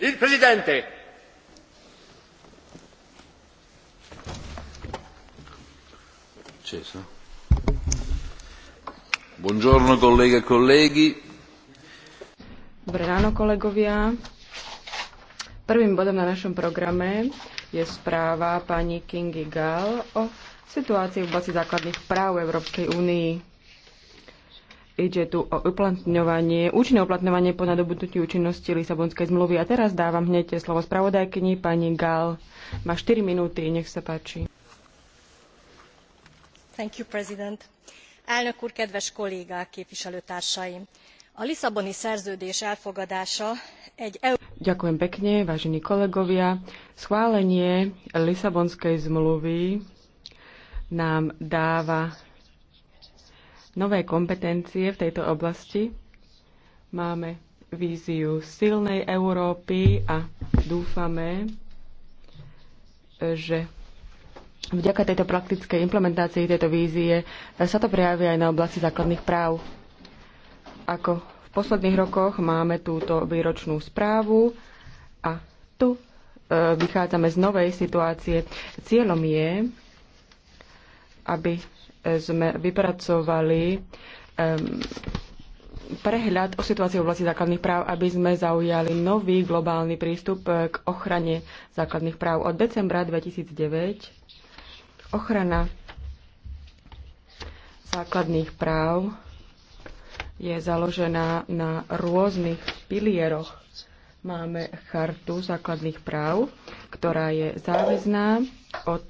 Il Presidente. Acceso. Buongiorno colleghe e colleghi. Dobré ráno, kolegovia. Prvým bodom na našom programe je správa pani Kingy Gall o situácii v oblasti základných práv Európskej únii. Ide tu o uplatňovanie, účinné uplatňovanie po nadobudnutí účinnosti Lisabonskej zmluvy. A teraz dávam hneď slovo spravodajkyni pani Gal. Má 4 minúty, nech sa páči. Thank you, President. Elnök úr, kedves kollégák, képviselőtársaim! A Lisszaboni szerződés elfogadása egy EU... Ďakujem pekne, vážení kolegovia. Schválenie Lisabonskej zmluvy nám dáva nové kompetencie v tejto oblasti. Máme víziu silnej Európy a dúfame, že vďaka tejto praktickej implementácii tejto vízie sa to prejaví aj na oblasti základných práv. Ako v posledných rokoch máme túto výročnú správu a tu e, vychádzame z novej situácie. Cieľom je, aby sme vypracovali prehľad o situácii v oblasti základných práv, aby sme zaujali nový globálny prístup eh, k ochrane základných práv. Od decembra 2009 ochrana základných práv je založená na rôznych pilieroch. Máme chartu základných práv, ktorá je záväzná od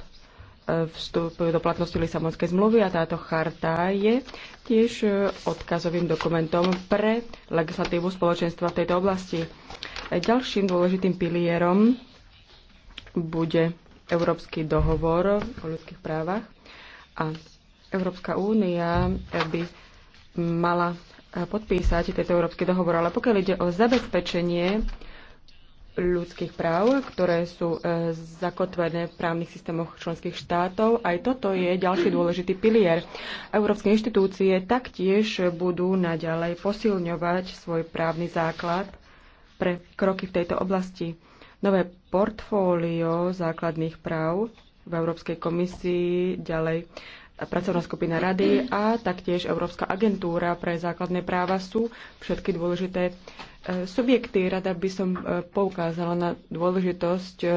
vstup do platnosti Lisabonskej zmluvy a táto charta je tiež e, odkazovým dokumentom pre legislatívu spoločenstva v tejto oblasti. E, ďalším dôležitým pilierom bude Európsky dohovor o ľudských právach a Európska únia by mala podpísať tento Európsky dohovor, ale pokiaľ ide o zabezpečenie ľudských práv, ktoré sú e, zakotvené v právnych systémoch členských štátov. Aj toto je ďalší dôležitý pilier. Európske inštitúcie taktiež budú naďalej posilňovať svoj právny základ pre kroky v tejto oblasti. Nové portfólio základných práv v Európskej komisii ďalej pracovná skupina Rady a taktiež Európska agentúra pre základné práva sú všetky dôležité e, subjekty. Rada by som e, poukázala na dôležitosť e,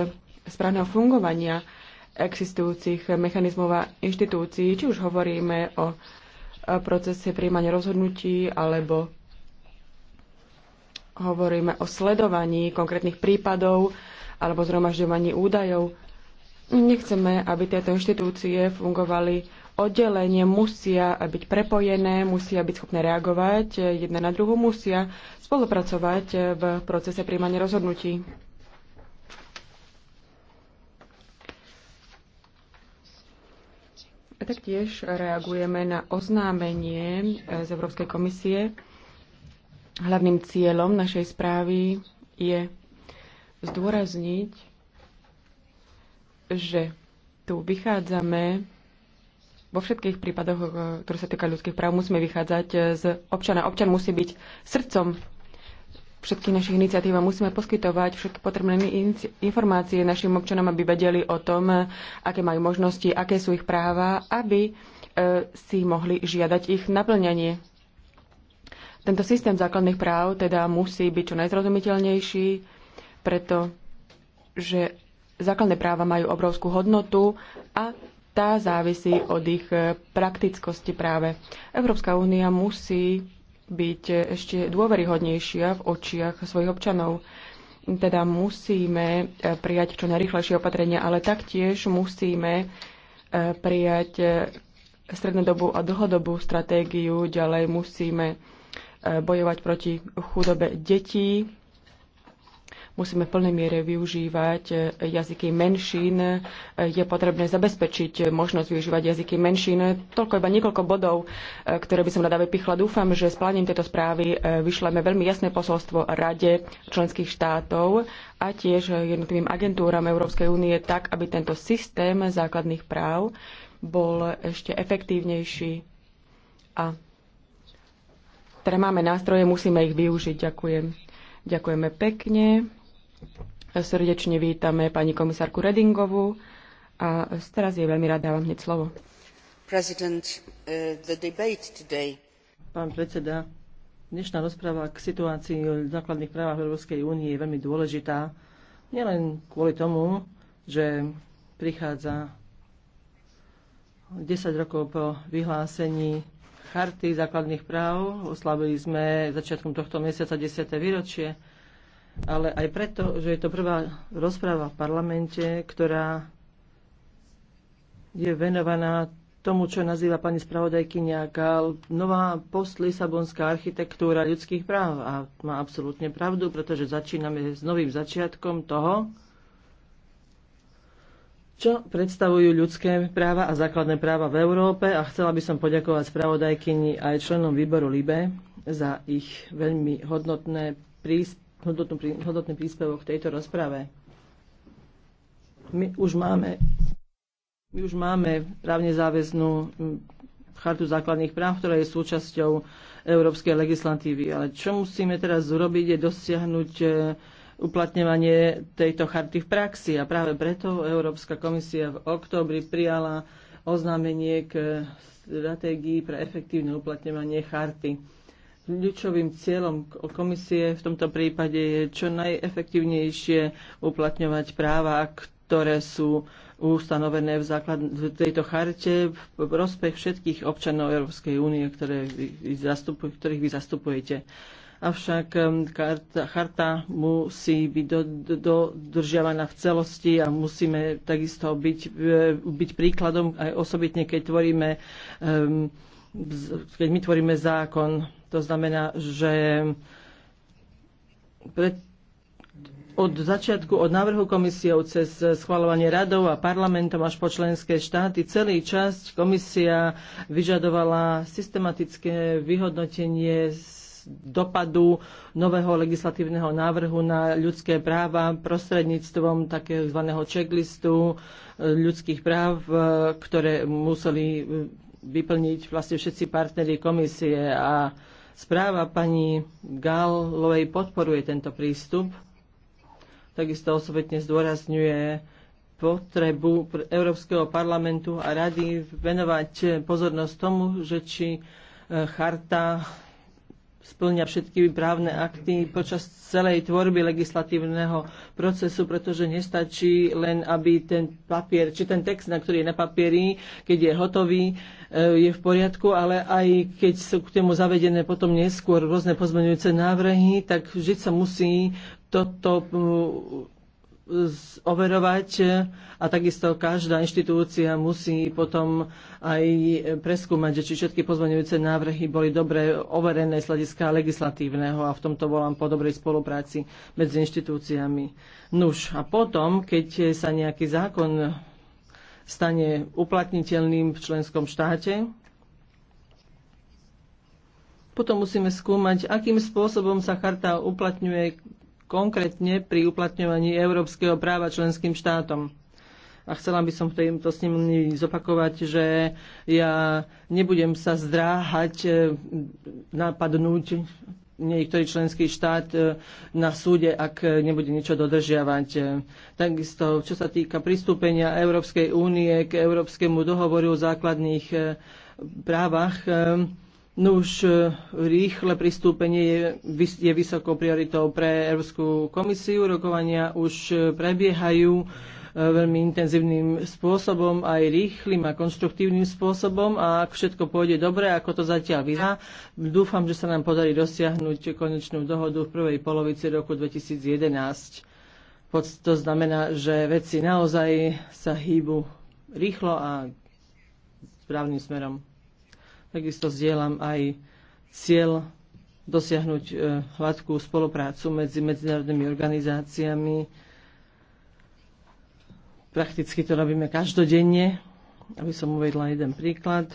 správneho fungovania existujúcich mechanizmov a inštitúcií, či už hovoríme o procese príjmania rozhodnutí alebo hovoríme o sledovaní konkrétnych prípadov alebo zhromažďovaní údajov. Nechceme, aby tieto inštitúcie fungovali oddelenie musia byť prepojené, musia byť schopné reagovať jedna na druhú, musia spolupracovať v procese príjmania rozhodnutí. A taktiež reagujeme na oznámenie z Európskej komisie. Hlavným cieľom našej správy je zdôrazniť, že tu vychádzame vo všetkých prípadoch, e, ktoré sa týka ľudských práv, musíme vychádzať e, z občana. Občan musí byť srdcom všetkých našich iniciatív a musíme poskytovať všetky potrebné informácie našim občanom, aby vedeli o tom, e, aké majú možnosti, aké sú ich práva, aby si mohli žiadať ich naplňanie. Tento systém základných práv teda musí byť čo najzrozumiteľnejší, pretože základné práva majú obrovskú hodnotu a tá závisí od ich eh, praktickosti práve. Európska únia musí byť ešte dôveryhodnejšia v očiach svojich občanov. Teda musíme eh, prijať čo najrychlejšie opatrenia, ale taktiež musíme eh, prijať strednodobú a dlhodobú stratégiu. Ďalej musíme bojovať proti chudobe detí, musíme v plnej miere využívať eh, jazyky menšín. Eh, je potrebné zabezpečiť možnosť využívať jazyky menšín. Toľko iba niekoľko bodov, eh, ktoré by som rada vypichla. Dúfam, že s plánim tejto správy vyšleme veľmi jasné posolstvo Rade členských štátov a tiež jednotlivým agentúram Európskej únie tak, aby tento systém základných práv bol ešte efektívnejší a teda máme nástroje, musíme ich využiť. Ďakujem. Ďakujeme pekne. Srdečne vítame pani komisárku Redingovú a teraz je veľmi rád dávam hneď slovo. Uh, Pán predseda, dnešná rozpráva k situácii o základných právach Európskej únie je veľmi dôležitá. Nielen kvôli tomu, že prichádza 10 rokov po vyhlásení Charty základných práv. Oslavili sme začiatkom tohto mesiaca 10. výročie ale aj preto, že je to prvá rozpráva v parlamente, ktorá je venovaná tomu, čo nazýva pani spravodajkynia Gál, nová post-Lisabonská architektúra ľudských práv. A má absolútne pravdu, pretože začíname s novým začiatkom toho, čo predstavujú ľudské práva a základné práva v Európe a chcela by som poďakovať spravodajkyni aj členom výboru LIBE za ich veľmi hodnotné príspevky hodnotný príspevok k tejto rozprave. My už máme, my už máme právne záväznú chartu základných práv, ktorá je súčasťou európskej legislatívy. Ale čo musíme teraz urobiť, je dosiahnuť e, uplatňovanie tejto charty v praxi. A práve preto Európska komisia v októbri prijala oznámenie k stratégii pre efektívne uplatňovanie charty. Kľúčovým cieľom komisie v tomto prípade je čo najefektívnejšie uplatňovať práva, ktoré sú ustanovené v, základ, v tejto charte v prospech všetkých občanov Európskej únie, ktoré vy zastupuj, ktorých vy zastupujete. Avšak karta, charta musí byť do, do, dodržiavaná v celosti a musíme takisto byť, e, byť príkladom aj osobitne, keď tvoríme um, keď my tvoríme zákon. To znamená, že pred, od začiatku, od návrhu komisiou cez schvalovanie radov a parlamentom až po členské štáty, celý časť komisia vyžadovala systematické vyhodnotenie dopadu nového legislatívneho návrhu na ľudské práva prostredníctvom takého checklistu eh, ľudských práv, eh, ktoré museli eh, vyplniť vlastne všetci partneri komisie a správa pani Gallovej podporuje tento prístup. Takisto osobitne zdôrazňuje potrebu Európskeho parlamentu a rady venovať pozornosť tomu, že či e, charta splňa všetky právne akty počas celej tvorby legislatívneho procesu, pretože nestačí len, aby ten papier, či ten text, na ktorý je na papieri, keď je hotový, e, je v poriadku, ale aj keď sú k tomu zavedené potom neskôr rôzne pozmeňujúce návrhy, tak vždy sa musí toto overovať a takisto každá inštitúcia musí potom aj preskúmať, že či všetky pozvaňujúce návrhy boli dobre overené z hľadiska legislatívneho a v tomto volám po dobrej spolupráci medzi inštitúciami. Nuž a potom, keď sa nejaký zákon stane uplatniteľným v členskom štáte, potom musíme skúmať, akým spôsobom sa charta uplatňuje konkrétne pri uplatňovaní európskeho práva členským štátom. A chcela by som v tejto s ním zopakovať, že ja nebudem sa zdráhať e, napadnúť niektorý členský štát e, na súde, ak nebude niečo dodržiavať. Takisto, čo sa týka pristúpenia Európskej únie k Európskemu dohovoru o základných e, právach, No už e, rýchle pristúpenie je, je vysokou prioritou pre Európsku komisiu. Rokovania už e, prebiehajú e, veľmi intenzívnym spôsobom, aj rýchlým a konštruktívnym spôsobom a ak všetko pôjde dobre, ako to zatiaľ vyzerá, dúfam, že sa nám podarí dosiahnuť konečnú dohodu v prvej polovici roku 2011. To znamená, že veci naozaj sa hýbu rýchlo a správnym smerom. Takisto zdieľam aj cieľ dosiahnuť e, hladkú spoluprácu medzi medzinárodnými organizáciami. Prakticky to robíme každodenne, aby som uvedla jeden príklad.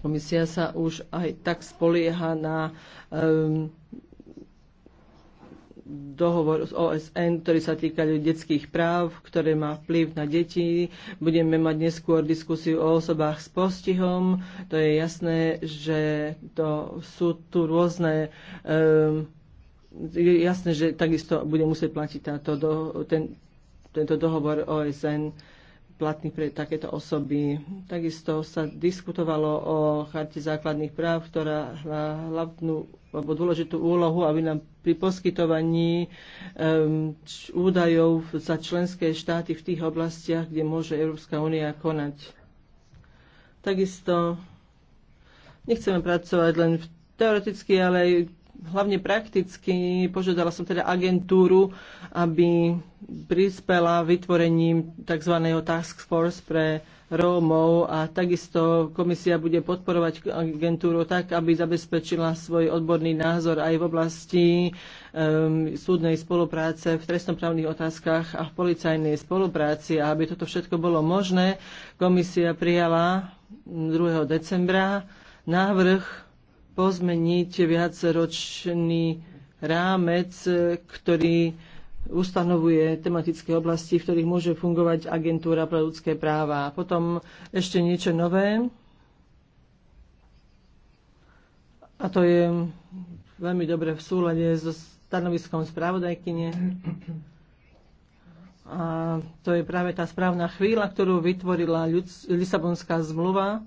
Komisia sa už aj tak spolieha na um, dohovor z OSN, ktorý sa týka detských práv, ktoré má vplyv na deti. Budeme mať neskôr diskusiu o osobách s postihom. To je jasné, že to sú tu rôzne um, je jasné, že takisto bude musieť platiť táto do, ten, tento dohovor OSN platný pre takéto osoby. Takisto sa diskutovalo o charte základných práv, ktorá hlavnú alebo dôležitú úlohu, aby nám pri poskytovaní um, údajov za členské štáty v tých oblastiach, kde môže Európska únia konať. Takisto nechceme pracovať len teoreticky, ale aj hlavne prakticky. Požiadala som teda agentúru, aby prispela vytvorením tzv. task force pre Rómov a takisto komisia bude podporovať agentúru tak, aby zabezpečila svoj odborný názor aj v oblasti um, súdnej spolupráce v trestnoprávnych otázkach a v policajnej spolupráci. A aby toto všetko bolo možné, komisia prijala 2. decembra návrh pozmeniť viacročný rámec, ktorý ustanovuje tematické oblasti, v ktorých môže fungovať agentúra pre ľudské práva. Potom ešte niečo nové. A to je veľmi dobre v súlade so stanoviskom správodajkyne. A to je práve tá správna chvíľa, ktorú vytvorila Lisabonská zmluva,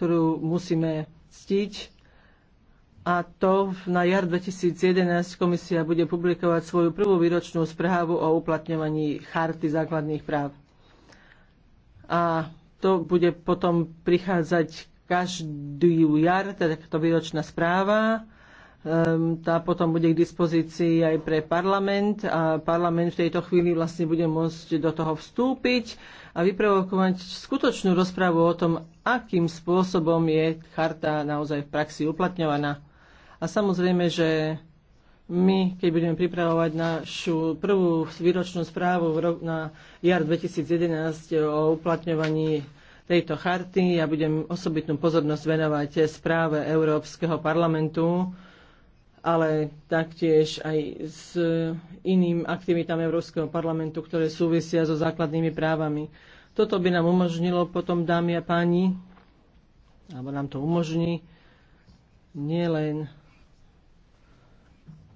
ktorú musíme ctiť a to na jar 2011 komisia bude publikovať svoju prvú výročnú správu o uplatňovaní charty základných práv. A to bude potom prichádzať každý jar, teda to výročná správa. Ehm, tá potom bude k dispozícii aj pre parlament a parlament v tejto chvíli vlastne bude môcť do toho vstúpiť a vyprovokovať skutočnú rozprávu o tom, akým spôsobom je charta naozaj v praxi uplatňovaná. A samozrejme, že my, keď budeme pripravovať našu prvú výročnú správu na jar 2011 o uplatňovaní tejto charty, ja budem osobitnú pozornosť venovať správe Európskeho parlamentu, ale taktiež aj s iným aktivitám Európskeho parlamentu, ktoré súvisia so základnými právami. Toto by nám umožnilo potom, dámy a páni, alebo nám to umožní nielen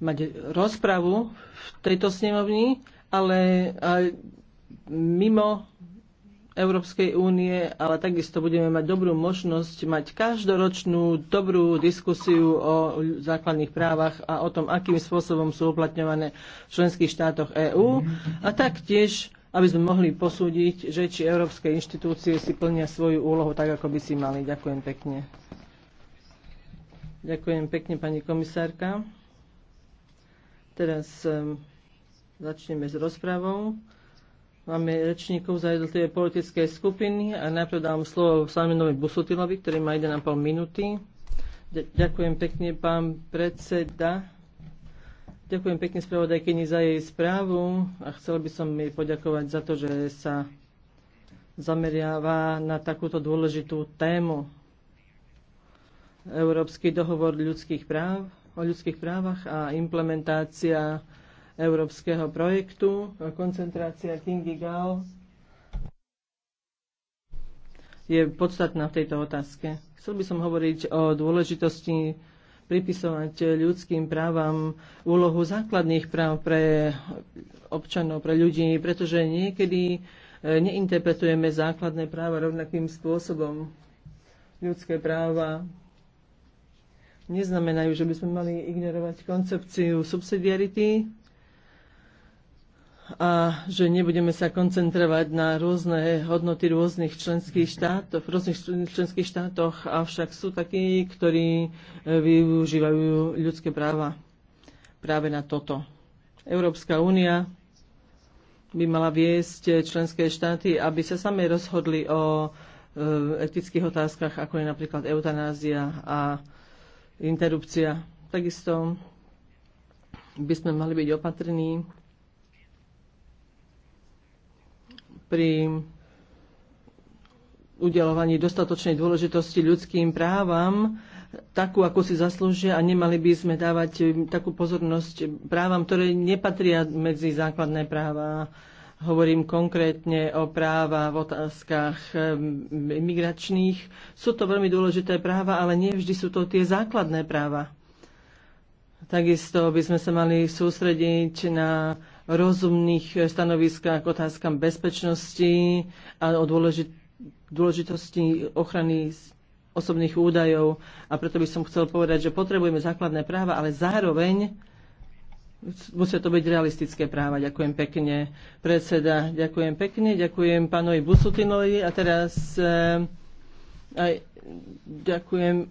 mať rozpravu v tejto snemovni, ale aj mimo Európskej únie, ale takisto budeme mať dobrú možnosť mať každoročnú dobrú diskusiu o základných právach a o tom, akým spôsobom sú uplatňované v členských štátoch EÚ a taktiež aby sme mohli posúdiť, že či európske inštitúcie si plnia svoju úlohu tak, ako by si mali. Ďakujem pekne. Ďakujem pekne, pani komisárka. Teraz um, začneme s rozpravou. Máme rečníkov za jednotlivé politické skupiny a najprv dám slovo Salminovi Busutilovi, ktorý má 1,5 minúty. Ďakujem pekne, pán predseda. Ďakujem pekne spravodajkyni za jej správu a chcel by som jej poďakovať za to, že sa zameriava na takúto dôležitú tému. Európsky dohovor ľudských práv o ľudských právach a implementácia európskeho projektu. Koncentrácia Kingy Gao je podstatná v tejto otázke. Chcel by som hovoriť o dôležitosti pripisovať ľudským právam úlohu základných práv pre občanov, pre ľudí, pretože niekedy e, neinterpretujeme základné práva rovnakým spôsobom. Ľudské práva neznamenajú, že by sme mali ignorovať koncepciu subsidiarity a že nebudeme sa koncentrovať na rôzne hodnoty rôznych členských štátov, v rôznych členských štátoch, avšak sú takí, ktorí eh, využívajú ľudské práva práve na toto. Európska únia by mala viesť členské štáty, aby sa sami rozhodli o eh, etických otázkach, ako je napríklad eutanázia a interrupcia. Takisto by sme mali byť opatrní pri udelovaní dostatočnej dôležitosti ľudským právam, takú, ako si zaslúžia a nemali by sme dávať takú pozornosť právam, ktoré nepatria medzi základné práva. Hovorím konkrétne o práva v otázkach ehm, migračných. Sú to veľmi dôležité práva, ale nie vždy sú to tie základné práva. Takisto by sme sa mali sústrediť na rozumných stanoviskách k otázkam bezpečnosti a o dôležitosti ochrany osobných údajov. A preto by som chcel povedať, že potrebujeme základné práva, ale zároveň musia to byť realistické práva. Ďakujem pekne, predseda. Ďakujem pekne, ďakujem pánovi Busutinovi a teraz e, aj, ďakujem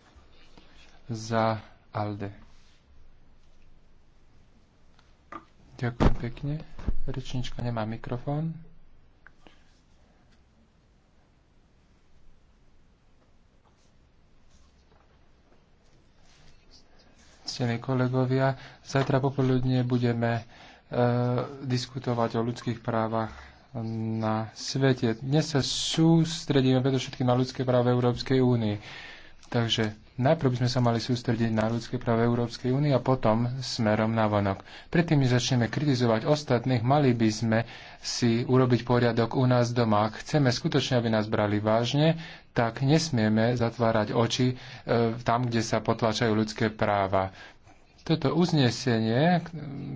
za ALDE. Ďakujem pekne. Rečnička nemá mikrofón. Ctení kolegovia, zajtra popoludne budeme e, diskutovať o ľudských právach na svete. Dnes sa sústredíme predovšetkým na ľudské práva Európskej únie. Takže Najprv by sme sa mali sústrediť na ľudské práve Európskej únie a potom smerom na vonok. Predtým, než začneme kritizovať ostatných, mali by sme si urobiť poriadok u nás doma. Ak chceme skutočne, aby nás brali vážne, tak nesmieme zatvárať oči e, tam, kde sa potlačajú ľudské práva. Toto uznesenie,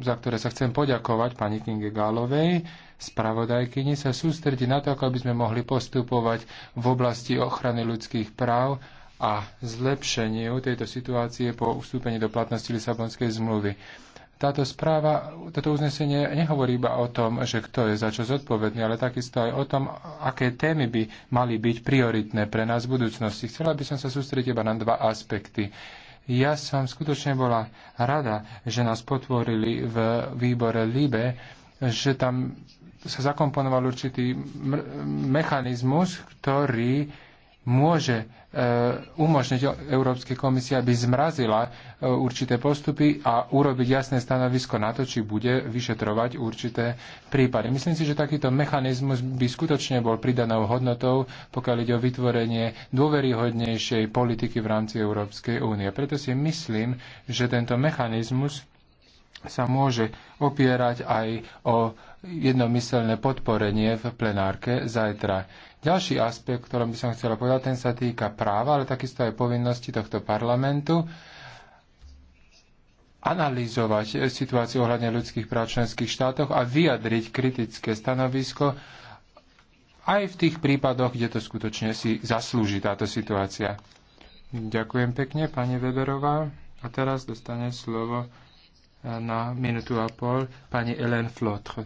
za ktoré sa chcem poďakovať pani Kinge Gálovej, spravodajkyni, sa sústredí na to, ako by sme mohli postupovať v oblasti ochrany ľudských práv a zlepšeniu tejto situácie po vstúpení do platnosti Lisabonskej zmluvy. Táto správa, toto uznesenie nehovorí iba o tom, že kto je za čo zodpovedný, ale takisto aj o tom, aké témy by mali byť prioritné pre nás v budúcnosti. Chcela by som sa sústrediť iba na dva aspekty. Ja som skutočne bola rada, že nás potvorili v výbore LIBE, že tam sa zakomponoval určitý mechanizmus, ktorý môže e, umožniť Európskej komisii, aby zmrazila e, určité postupy a urobiť jasné stanovisko na to, či bude vyšetrovať určité prípady. Myslím si, že takýto mechanizmus by skutočne bol pridanou hodnotou, pokiaľ ide o vytvorenie dôveryhodnejšej politiky v rámci Európskej únie. Preto si myslím, že tento mechanizmus sa môže opierať aj o jednomyselné podporenie v plenárke zajtra. Ďalší aspekt, ktorom by som chcela povedať, ten sa týka práva, ale takisto aj povinnosti tohto parlamentu analyzovať situáciu ohľadne ľudských práv v členských štátoch a vyjadriť kritické stanovisko aj v tých prípadoch, kde to skutočne si zaslúži táto situácia. Ďakujem pekne, pani Weberová. A teraz dostane slovo na minutu a pol pani Ellen Flotre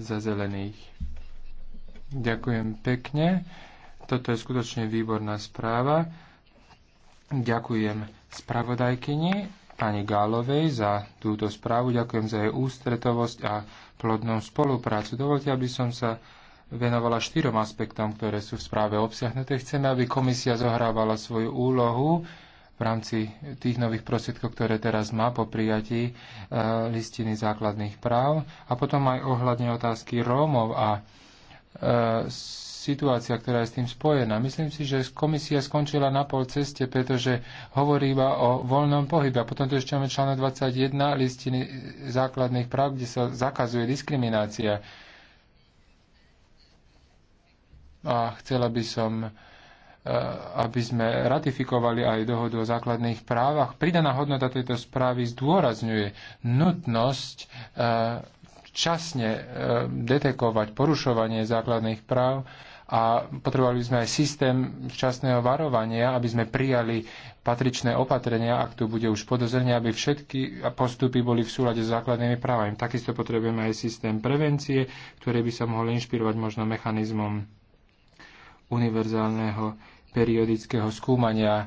za zelených. Ďakujem pekne. Toto je skutočne výborná správa. Ďakujem spravodajkyni pani Gálovej za túto správu. Ďakujem za jej ústretovosť a plodnú spoluprácu. Dovolte, aby som sa venovala štyrom aspektom, ktoré sú v správe obsiahnuté. Chceme, aby komisia zohrávala svoju úlohu v rámci tých nových prostriedkov, ktoré teraz má po prijatí e, listiny základných práv a potom aj ohľadne otázky Rómov a e, situácia, ktorá je s tým spojená. Myslím si, že komisia skončila na pol ceste, pretože hovorí iba o voľnom pohybe. A potom tu ešte máme článok 21 listiny základných práv, kde sa zakazuje diskriminácia. A chcela by som Eh, aby sme ratifikovali aj dohodu o základných právach. Pridaná hodnota tejto správy zdôrazňuje nutnosť eh, časne eh, detekovať porušovanie základných práv a potrebovali sme aj systém včasného varovania, aby sme prijali patričné opatrenia, ak tu bude už podozrenie, aby všetky postupy boli v súlade s základnými právami. Takisto potrebujeme aj systém prevencie, ktorý by sa mohol inšpirovať možno mechanizmom univerzálneho periodického skúmania e,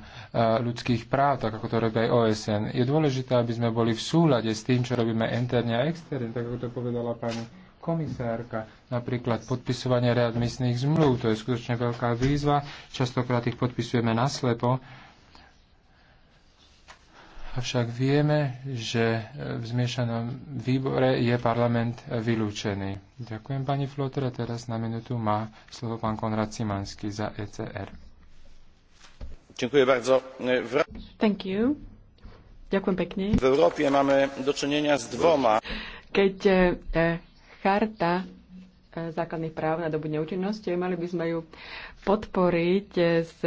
ľudských práv, tak ako to robí aj OSN. Je dôležité, aby sme boli v súlade s tým, čo robíme interne a externe, tak ako to povedala pani komisárka. Napríklad podpisovanie readmisných zmluv, to je skutočne veľká výzva, častokrát ich podpisujeme naslepo Avšak vieme, že v zmiešanom výbore je parlament vylúčený. Ďakujem pani Flotre. Teraz na minútu má slovo pán Konrad Simanský za ECR. Ďakujem bardzo. Thank you. Ďakujem pekne. V Európe máme dočinenia s dvoma. Keď eh, charta e, základných práv na dobu neúčinnosti, mali by sme ju podporiť e, s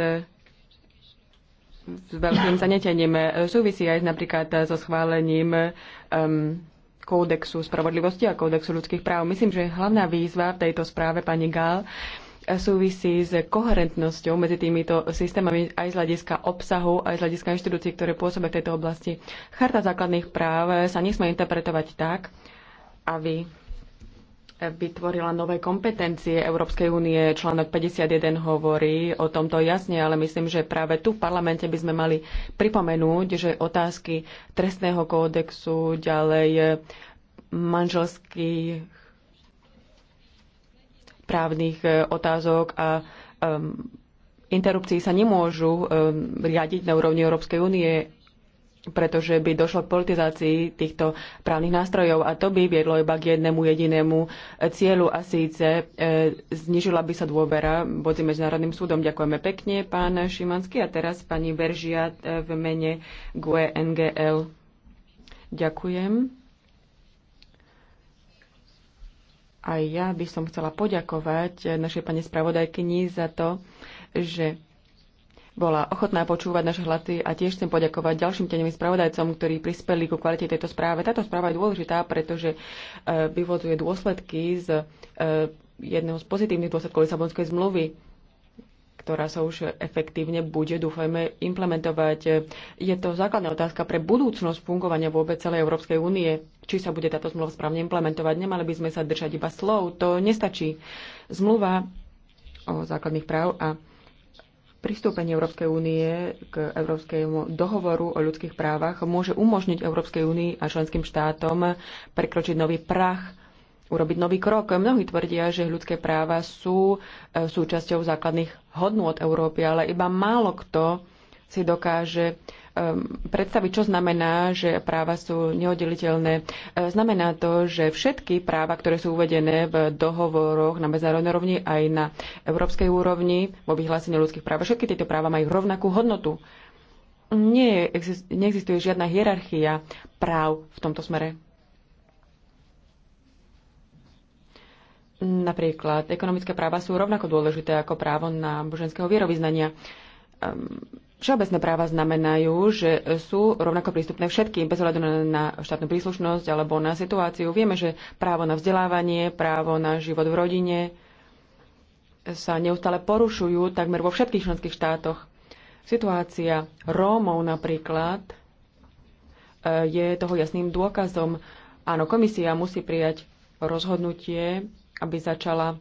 s veľkým zanetením. Súvisí aj napríklad so schválením um, kódexu spravodlivosti a kódexu ľudských práv. Myslím, že hlavná výzva v tejto správe pani Gál súvisí s koherentnosťou medzi týmito systémami aj z hľadiska obsahu, aj z hľadiska inštitúcií, ktoré pôsobia v tejto oblasti. Charta základných práv sa nesmie interpretovať tak, aby vytvorila nové kompetencie Európskej únie. Článok 51 hovorí o tomto jasne, ale myslím, že práve tu v parlamente by sme mali pripomenúť, že otázky trestného kódexu, ďalej eh, manželských právnych eh, otázok a um, interrupcií sa nemôžu um, riadiť na úrovni Európskej únie pretože by došlo k politizácii týchto právnych nástrojov a to by viedlo iba k jednému jedinému e, cieľu a síce e, znižila by sa dôvera voci Medzinárodným súdom. Ďakujeme pekne, pán Šimanský. A teraz pani Beržia e, v mene GUE NGL. Ďakujem. A ja by som chcela poďakovať našej pani spravodajkyni za to, že bola ochotná počúvať naše hlasy a tiež chcem poďakovať ďalším tenevým spravodajcom, ktorí prispeli ku kvalite tejto správe. Táto správa je dôležitá, pretože e, vyvozuje dôsledky z e, jedného z pozitívnych dôsledkov Lisabonskej zmluvy ktorá sa už efektívne bude, dúfajme, implementovať. Je to základná otázka pre budúcnosť fungovania vôbec celej Európskej únie, či sa bude táto zmluva správne implementovať. Nemali by sme sa držať iba slov, to nestačí. Zmluva o základných práv a Pristúpenie Európskej únie k Európskemu dohovoru o ľudských právach môže umožniť Európskej únii a členským štátom prekročiť nový prach, urobiť nový krok. Mnohí tvrdia, že ľudské práva sú e, súčasťou základných hodnôt Európy, ale iba málo kto si dokáže Um, predstaviť, čo znamená, že práva sú neoddeliteľné. Uh, znamená to, že všetky práva, ktoré sú uvedené v dohovoroch na medzinárodnej rovni aj na európskej úrovni vo vyhlásení ľudských práv, všetky tieto práva majú rovnakú hodnotu. Nie, neexistuje žiadna hierarchia práv v tomto smere. Napríklad ekonomické práva sú rovnako dôležité ako právo na boženského vierovýznania um, Všeobecné práva znamenajú, že sú rovnako prístupné všetkým, bez ohľadu na štátnu príslušnosť alebo na situáciu. Vieme, že právo na vzdelávanie, právo na život v rodine sa neustále porušujú takmer vo všetkých členských štátoch. Situácia Rómov napríklad e, je toho jasným dôkazom. Áno, komisia musí prijať rozhodnutie, aby začala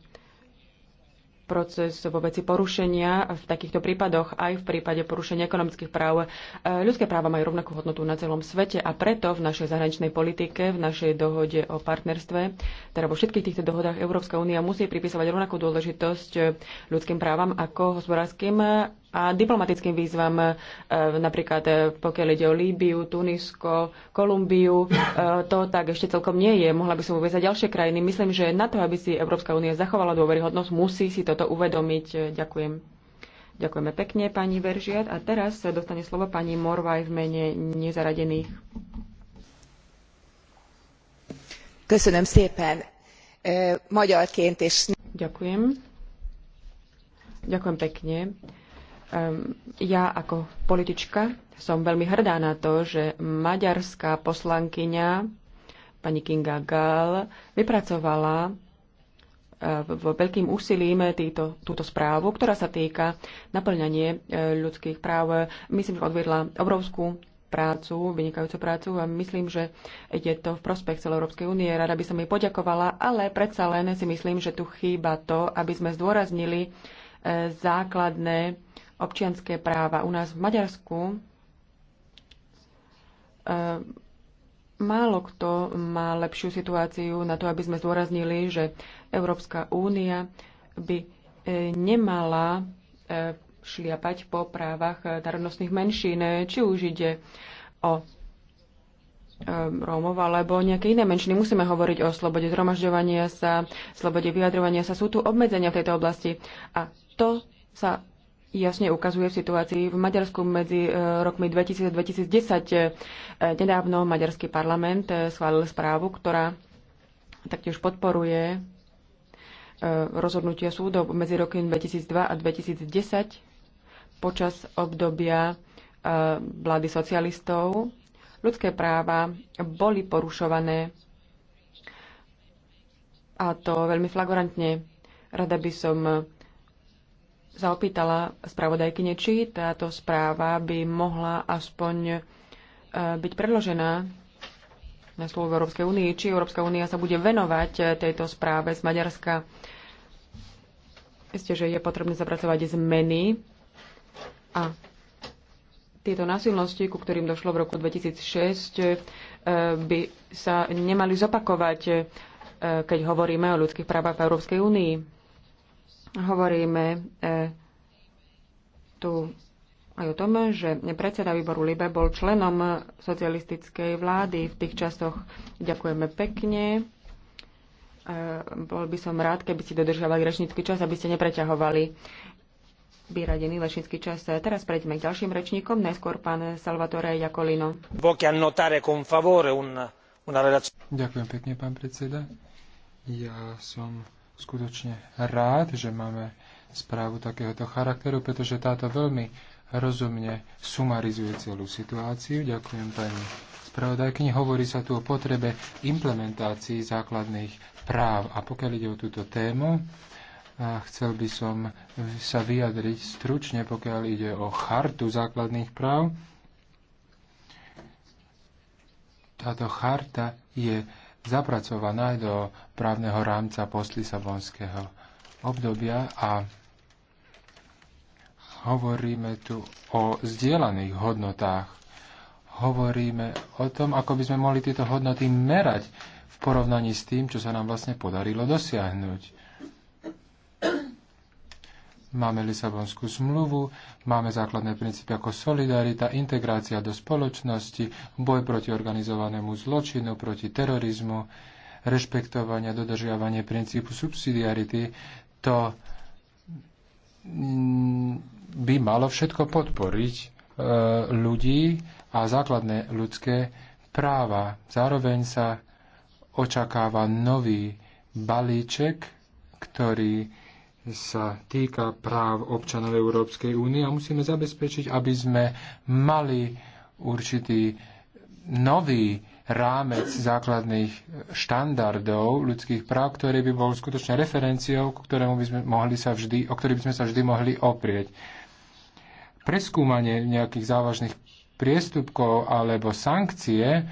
proces vo veci porušenia v takýchto prípadoch, aj v prípade porušenia ekonomických práv. Ľudské práva majú rovnakú hodnotu na celom svete a preto v našej zahraničnej politike, v našej dohode o partnerstve, teda vo všetkých týchto dohodách Európska únia musí pripisovať rovnakú dôležitosť ľudským právam ako hospodárskym a diplomatickým výzvam, e, napríklad e, pokiaľ ide o Líbiu, Tunisko, Kolumbiu, e, to tak ešte celkom nie je. Mohla by som uvieť ďalšie krajiny. Myslím, že na to, aby si Európska únia zachovala dôveryhodnosť, musí si toto uvedomiť. Ďakujem. Ďakujeme pekne, pani Veržiat. A teraz dostane slovo pani Morvaj v mene nezaradených. Köszönöm szépen. Magyarként és... Ďakujem. Ďakujem pekne. Ehm, ja ako politička som veľmi hrdá na to, že maďarská poslankyňa pani Kinga Gall vypracovala e, veľkým úsilím týto, túto správu, ktorá sa týka naplňanie e, ľudských práv. Myslím, že odvedla obrovskú prácu, vynikajúcu prácu a myslím, že je to v prospech celej Európskej únie. Rada by som jej poďakovala, ale predsa len si myslím, že tu chýba to, aby sme zdôraznili e, základné občianské práva. U nás v Maďarsku e, málo kto má lepšiu situáciu na to, aby sme zdôraznili, že Európska únia by e, nemala e, šliapať po právach e, národnostných menšín, e, či už ide o e, Rómov alebo nejaké iné menšiny. Musíme hovoriť o slobode zhromažďovania sa, slobode vyjadrovania sa. Sú tu obmedzenia v tejto oblasti a to sa jasne ukazuje v situácii v Maďarsku medzi e, rokmi 2000 2010. E, nedávno Maďarský parlament e, schválil správu, ktorá taktiež podporuje rozhodnutia súdov medzi rokmi 2002 a 2010 počas obdobia vlády socialistov. Ľudské práva boli porušované a to veľmi flagrantne. Rada by som sa opýtala spravodajkyne, či táto správa by mohla aspoň e, byť predložená na slovo Európskej únii, či Európska únia sa bude venovať e, tejto správe z Maďarska. Isté, že je potrebné zapracovať zmeny a tieto násilnosti, ku ktorým došlo v roku 2006, e, by sa nemali zopakovať, keď hovoríme o ľudských právach v Európskej únii. Hovoríme e, tu aj o tom, že predseda výboru Libe bol členom socialistickej vlády v tých časoch. Ďakujeme pekne. E, bol by som rád, keby ste dodržiavali rečnícky čas, aby ste nepreťahovali vyradený lečnícky čas. E, teraz prejdeme k ďalším rečníkom, najskôr pán Salvatore Jakolino. Ďakujem pekne, pán predseda. Ja som skutočne rád, že máme správu takéhoto charakteru, pretože táto veľmi rozumne sumarizuje celú situáciu. Ďakujem pani spravodajkyni. Hovorí sa tu o potrebe implementácii základných práv. A pokiaľ ide o túto tému, a chcel by som sa vyjadriť stručne, pokiaľ ide o chartu základných práv. Táto charta je zapracovaná do právneho rámca postlisabonského obdobia a hovoríme tu o zdieľaných hodnotách. Hovoríme o tom, ako by sme mohli tieto hodnoty merať v porovnaní s tým, čo sa nám vlastne podarilo dosiahnuť. Máme Lisabonskú zmluvu, máme základné princípy ako solidarita, integrácia do spoločnosti, boj proti organizovanému zločinu, proti terorizmu, rešpektovanie a dodržiavanie princípu subsidiarity. To by malo všetko podporiť e, ľudí a základné ľudské práva. Zároveň sa očakáva nový balíček, ktorý sa týka práv občanov Európskej únie a musíme zabezpečiť, aby sme mali určitý nový rámec základných štandardov ľudských práv, ktorý by bol skutočne referenciou, ktorému by sme mohli sa vždy, o ktorý by sme sa vždy mohli oprieť. Preskúmanie nejakých závažných priestupkov alebo sankcie,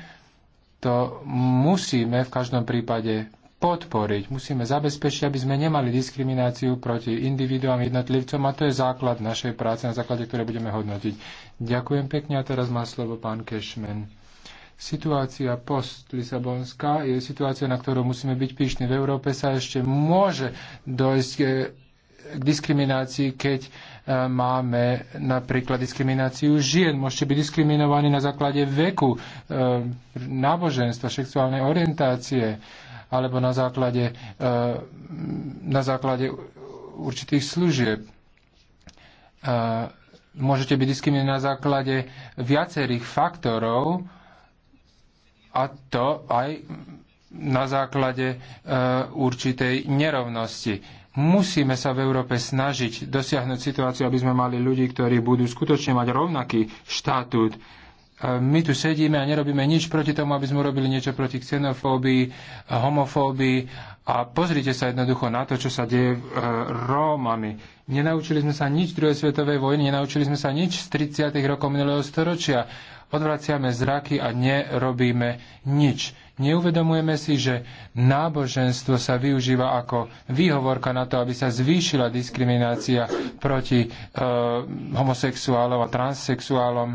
to musíme v každom prípade podporiť. Musíme zabezpečiť, aby sme nemali diskrimináciu proti individuám, jednotlivcom a to je základ našej práce, na základe ktoré budeme hodnotiť. Ďakujem pekne a teraz má slovo pán Kešmen. Situácia post-Lisabonská je situácia, na ktorú musíme byť píšni. V Európe sa ešte môže dojsť eh, k diskriminácii, keď eh, máme napríklad diskrimináciu žien. Môžete byť diskriminovaní na základe veku, eh, náboženstva, sexuálnej orientácie alebo na základe, e, na základe určitých služieb. E, môžete byť diskriminovaní na základe viacerých faktorov a to aj na základe e, určitej nerovnosti musíme sa v Európe snažiť dosiahnuť situáciu, aby sme mali ľudí, ktorí budú skutočne mať rovnaký štatút my tu sedíme a nerobíme nič proti tomu, aby sme robili niečo proti xenofóbii, homofóbii a pozrite sa jednoducho na to, čo sa deje v e, Rómami. Nenaučili sme sa nič druhej svetovej vojny, nenaučili sme sa nič z 30. rokov minulého storočia. Odvraciame zraky a nerobíme nič. Neuvedomujeme si, že náboženstvo sa využíva ako výhovorka na to, aby sa zvýšila diskriminácia proti e, homosexuálom a transsexuálom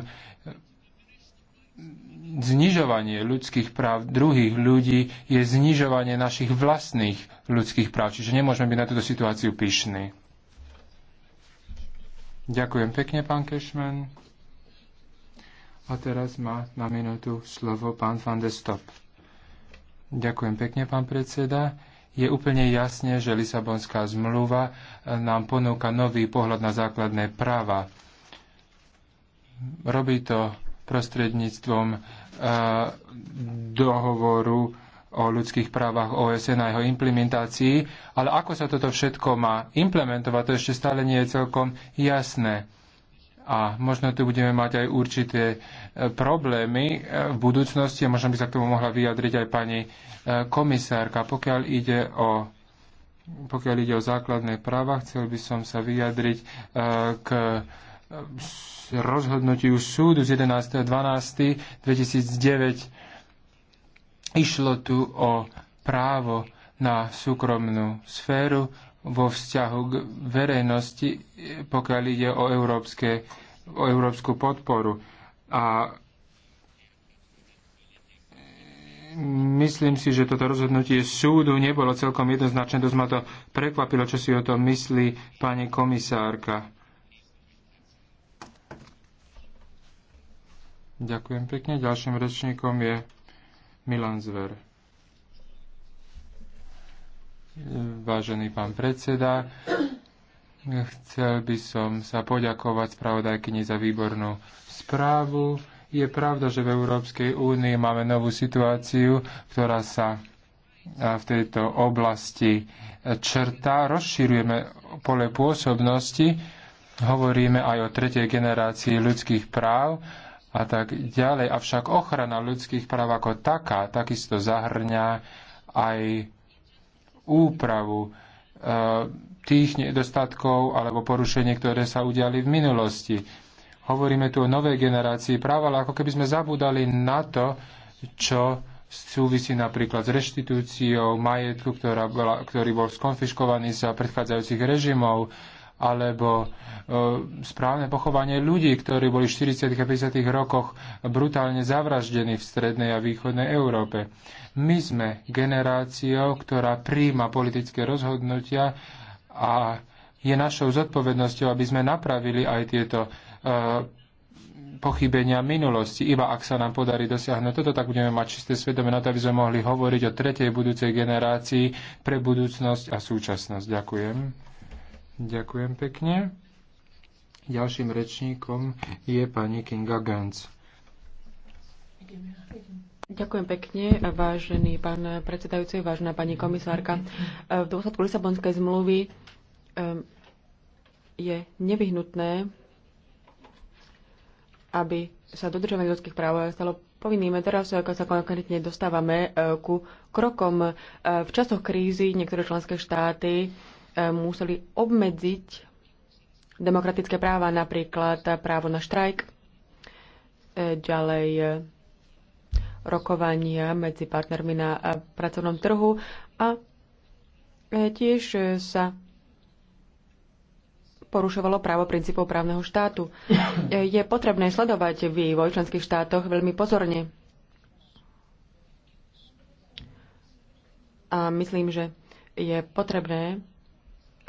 znižovanie ľudských práv druhých ľudí je znižovanie našich vlastných ľudských práv. Čiže nemôžeme byť na túto situáciu pyšní. Ďakujem pekne, pán Kešman. A teraz má na minútu slovo pán van de Stop. Ďakujem pekne, pán predseda je úplne jasne, že Lisabonská zmluva eh, nám ponúka nový pohľad na základné práva. Robí to prostredníctvom dohovoru o ľudských právach OSN a jeho implementácii, ale ako sa toto všetko má implementovať, to ešte stále nie je celkom jasné. A možno tu budeme mať aj určité e, problémy e, v budúcnosti a možno by sa k tomu mohla vyjadriť aj pani e, komisárka. Pokiaľ ide o pokiaľ ide o základné práva, chcel by som sa vyjadriť k rozhodnutiu súdu z 11.12.2009 išlo tu o právo na súkromnú sféru vo vzťahu k verejnosti, pokiaľ ide o, európske, o európsku podporu. A myslím si, že toto rozhodnutie súdu nebolo celkom jednoznačné, dosť ma to prekvapilo, čo si o tom myslí pani komisárka. Ďakujem pekne. Ďalším rečníkom je Milan Zver. Vážený pán predseda, chcel by som sa poďakovať spravodajkyni za výbornú správu. Je pravda, že v Európskej únii máme novú situáciu, ktorá sa v tejto oblasti črta. Rozšírujeme pole pôsobnosti, hovoríme aj o tretej generácii ľudských práv a tak ďalej. Avšak ochrana ľudských práv ako taká takisto zahrňa aj úpravu e, tých nedostatkov alebo porušení, ktoré sa udiali v minulosti. Hovoríme tu o novej generácii práv, ale ako keby sme zabudali na to, čo súvisí napríklad s reštitúciou majetku, ktorá bola, ktorý bol skonfiškovaný za predchádzajúcich režimov, alebo e, správne pochovanie ľudí, ktorí boli v 40. a 50. rokoch brutálne zavraždení v strednej a východnej Európe. My sme generáciou, ktorá príjma politické rozhodnutia a je našou zodpovednosťou, aby sme napravili aj tieto e, pochybenia minulosti. Iba ak sa nám podarí dosiahnuť toto, tak budeme mať čisté svedomie na to, aby sme mohli hovoriť o tretej budúcej generácii pre budúcnosť a súčasnosť. Ďakujem. Ďakujem pekne. Ďalším rečníkom je pani Kinga Gantz. Ďakujem pekne, vážený pán predsedajúci, vážená pani komisárka. V dôsledku Lisabonskej zmluvy ehm, je nevyhnutné, aby sa dodržovanie ľudských práv stalo povinným. Teraz, ako sa konkrétne dostávame eh, ku krokom, eh, v časoch krízy niektoré členské štáty E, museli obmedziť demokratické práva, napríklad právo na štrajk, e, ďalej e, rokovania medzi partnermi na pracovnom trhu a tiež sa porušovalo právo princípov právneho štátu. Je potrebné sledovať vývoj v členských štátoch veľmi pozorne. A myslím, že je potrebné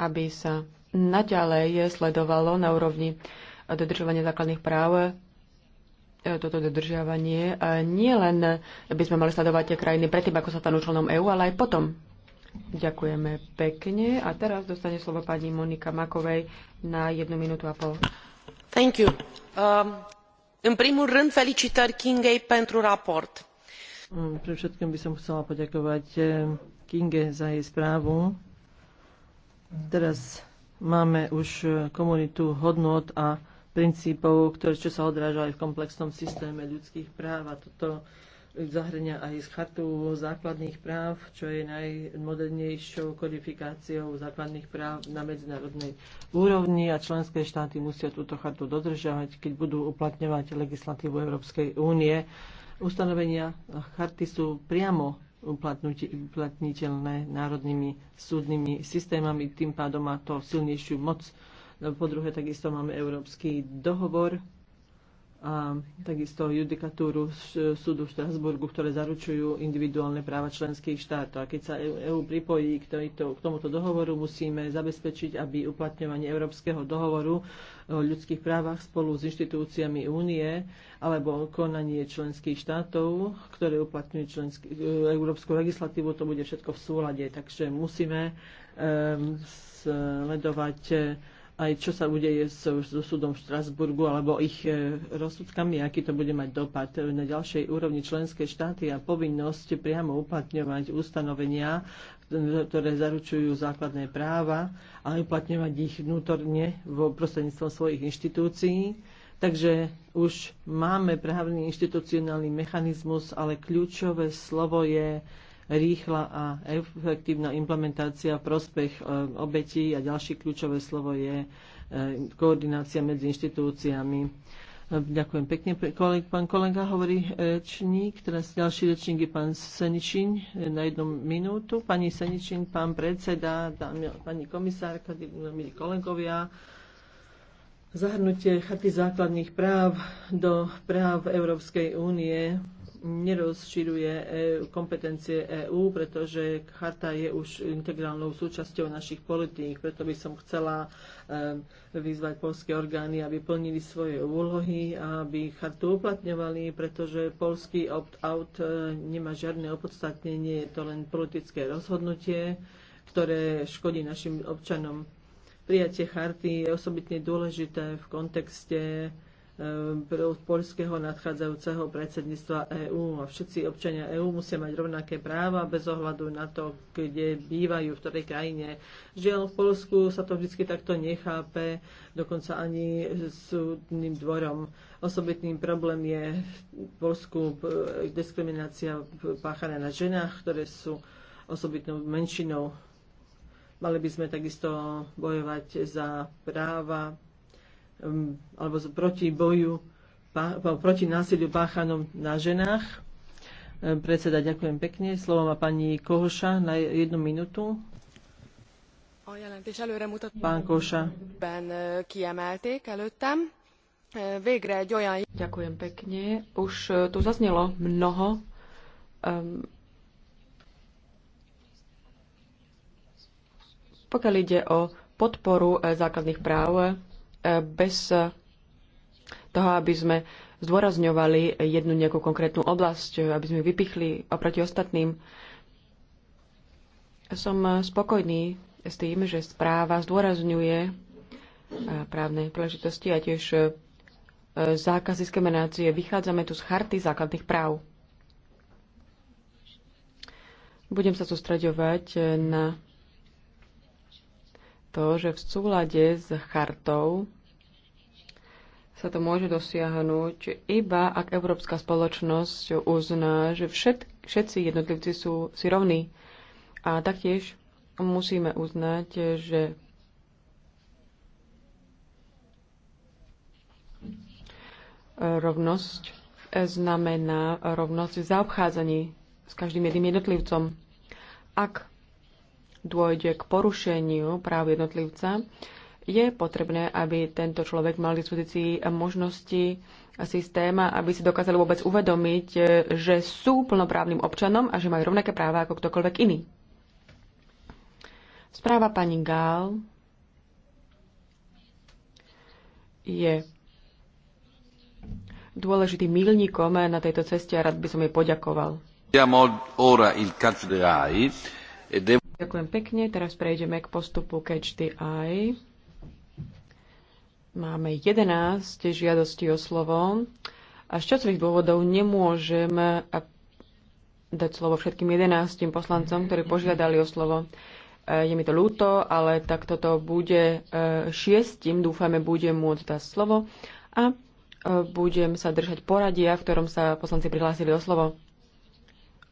aby sa naďalej sledovalo na úrovni dodržovania základných práv toto dodržiavanie. Nie len by sme mali sledovať tie krajiny predtým, ako sa stanú členom EÚ, ale aj potom. Ďakujeme pekne. A teraz dostane slovo pani Monika Makovej na jednu minútu a pol. Thank you. Um, în primul rând, felicitări Kingei pentru raport. Pre všetkým by som chcela poďakovať eh, Kinge za jej správu. Teraz máme už e, komunitu hodnot a princípov, ktoré, čo sa odráža aj v komplexnom systéme ľudských práv a toto zahrňa aj z chartu základných práv, čo je najmodernejšou kodifikáciou základných práv na medzinárodnej úrovni a členské štáty musia túto chartu dodržiavať, keď budú uplatňovať legislatívu Európskej únie. Ustanovenia charty sú priamo uplatniteľné národnými súdnymi systémami, tým pádom má to silnejšiu moc. No, po druhé, takisto máme Európsky dohovor a takisto judikatúru súdu v Štrasburgu, ktoré zaručujú individuálne práva členských štátov. A keď sa EÚ e pripojí k, tejto, k tomuto dohovoru, musíme zabezpečiť, aby uplatňovanie Európskeho dohovoru o ľudských právach spolu s inštitúciami únie alebo konanie členských štátov, ktoré uplatňujú členský, e európsku legislatívu, to bude všetko v súlade. Takže musíme um, sledovať aj čo sa udeje so, so súdom v Štrasburgu alebo ich e, rozsudkami, aký to bude mať dopad. Na ďalšej úrovni členské štáty a povinnosť priamo uplatňovať ustanovenia, ktoré zaručujú základné práva a uplatňovať ich vnútorne v prostredníctvom svojich inštitúcií. Takže už máme právny inštitucionálny mechanizmus, ale kľúčové slovo je rýchla a efektívna implementácia v prospech e, obetí a ďalšie kľúčové slovo je e, koordinácia medzi inštitúciami. E, ďakujem pekne. Pán kolega hovorí rečník, teraz ďalší rečník je pán Seničin na jednu minútu. Pani Seničiň, pán predseda, dámy, pani komisárka, milí kolegovia, zahrnutie chaty základných práv do práv Európskej únie nerozširuje eh, kompetencie EÚ, pretože charta je už integrálnou súčasťou našich politík. Preto by som chcela eh, vyzvať polské orgány, aby plnili svoje úlohy, aby chartu uplatňovali, pretože polský opt-out eh, nemá žiadne opodstatnenie, je to len politické rozhodnutie, ktoré škodí našim občanom. Prijatie charty je osobitne dôležité v kontexte E, poľského nadchádzajúceho predsedníctva EÚ. A všetci občania EÚ musia mať rovnaké práva bez ohľadu na to, kde bývajú, v ktorej krajine. Žiaľ, v Polsku sa to vždy takto nechápe, dokonca ani súdnym dvorom. Osobitným problém je v Polsku e, diskriminácia páchaná na ženách, ktoré sú osobitnou menšinou Mali by sme takisto bojovať za práva Um, alebo proti boju, proti násiliu páchanom na ženách. Um, predseda, ďakujem pekne. Slovo má pani Kohoša na jednu minútu. Pán Kohoša. Uh, uh, ďakujem pekne. Už uh, tu zaznelo mnoho um, pokiaľ ide o podporu základných práv bez toho, aby sme zdôrazňovali jednu nejakú konkrétnu oblasť, aby sme vypichli oproti ostatným. Som spokojný s tým, že správa zdôrazňuje eh, právne príležitosti a tiež eh, zákaz diskriminácie. Vychádzame tu z charty základných práv. Budem sa sústreďovať eh, na to, že v súlade s chartou sa to môže dosiahnuť iba ak európska spoločnosť uzná, že všet, všetci jednotlivci sú si rovní. A taktiež musíme uznať, že rovnosť znamená rovnosť v zaobchádzaní s každým jedným jednotlivcom. Ak dôjde k porušeniu práv jednotlivca, je potrebné, aby tento človek mal k dispozícii možnosti a systéma, aby si dokázali vôbec uvedomiť, že sú plnoprávnym občanom a že majú rovnaké práva ako ktokoľvek iný. Správa pani Gál je dôležitým milníkom na tejto ceste a rád by som jej poďakoval. Ďakujem pekne. Teraz prejdeme k postupu Catch the Eye. Máme 11 žiadostí o slovo a z časových dôvodov nemôžem dať slovo všetkým 11 poslancom, ktorí požiadali o slovo. E, je mi to ľúto, ale tak toto bude e, šiestim, dúfame, budem môcť dať slovo a e, budem sa držať poradia, v ktorom sa poslanci prihlásili o slovo